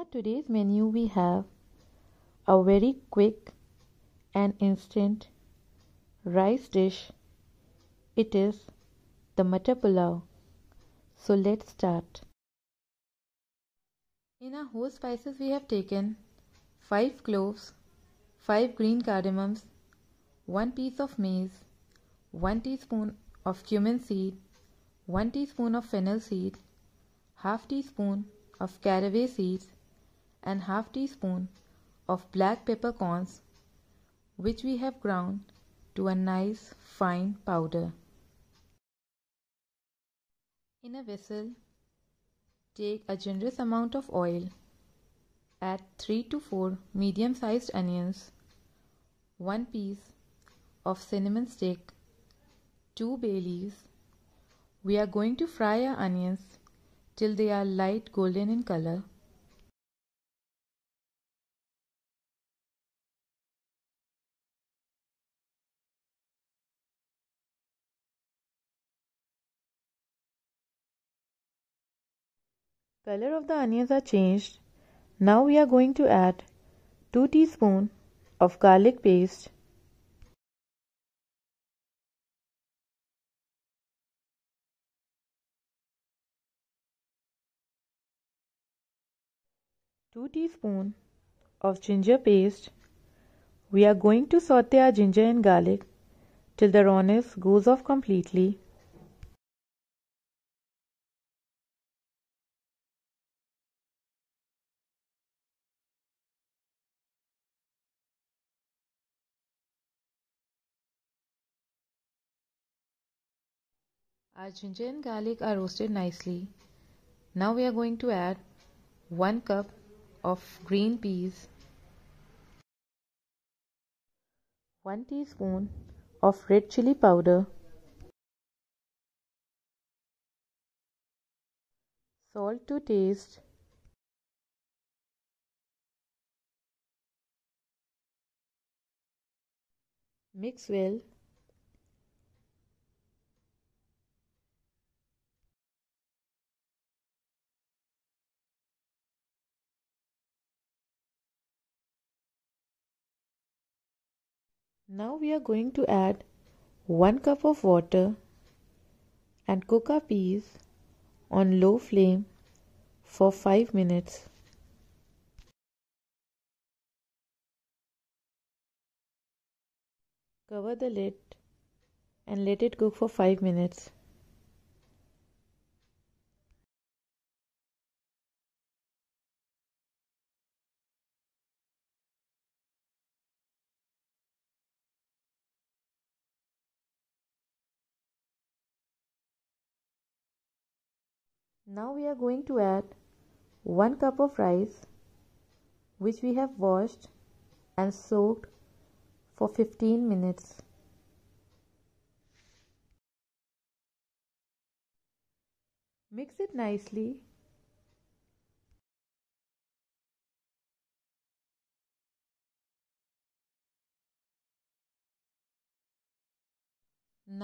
at today's menu we have a very quick and instant rice dish. It is the matar pulao. So let's start. In our whole spices we have taken 5 cloves, 5 green cardamoms, 1 piece of maize, 1 teaspoon of cumin seed, 1 teaspoon of fennel seed, half teaspoon of caraway seeds, and half teaspoon of black peppercorns which we have ground to a nice fine powder. In a vessel, take a generous amount of oil, add 3 to 4 medium sized onions, 1 piece of cinnamon stick, 2 bay leaves. We are going to fry our onions till they are light golden in color. Color of the onions are changed. Now we are going to add 2 teaspoon of garlic paste. Two teaspoon of ginger paste. We are going to saute our ginger and garlic till the rawness goes off completely. Our ginger and garlic are roasted nicely. Now we are going to add 1 cup of green peas, 1 teaspoon of red chili powder, salt to taste, mix well Now we are going to add 1 cup of water and cook our peas on low flame for 5 minutes. Cover the lid and let it cook for 5 minutes. Now we are going to add 1 cup of rice which we have washed and soaked for 15 minutes. Mix it nicely.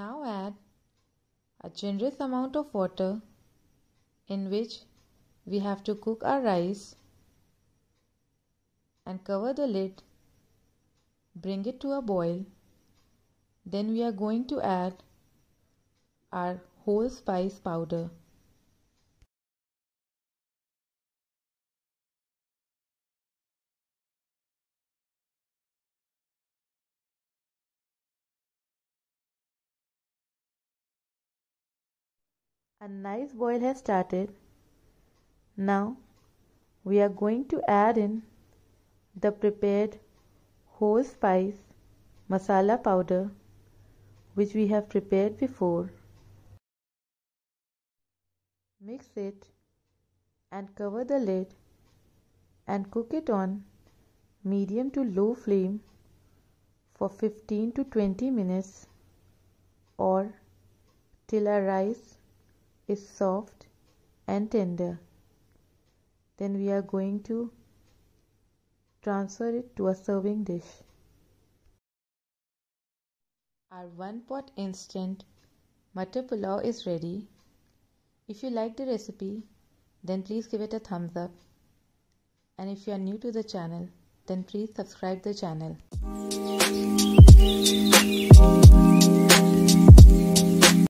Now add a generous amount of water in which we have to cook our rice and cover the lid bring it to a boil then we are going to add our whole spice powder A nice boil has started. Now we are going to add in the prepared whole spice masala powder which we have prepared before. Mix it and cover the lid and cook it on medium to low flame for 15 to 20 minutes or till a rice is soft and tender then we are going to transfer it to a serving dish our one pot instant mutter pulao is ready if you like the recipe then please give it a thumbs up and if you are new to the channel then please subscribe the channel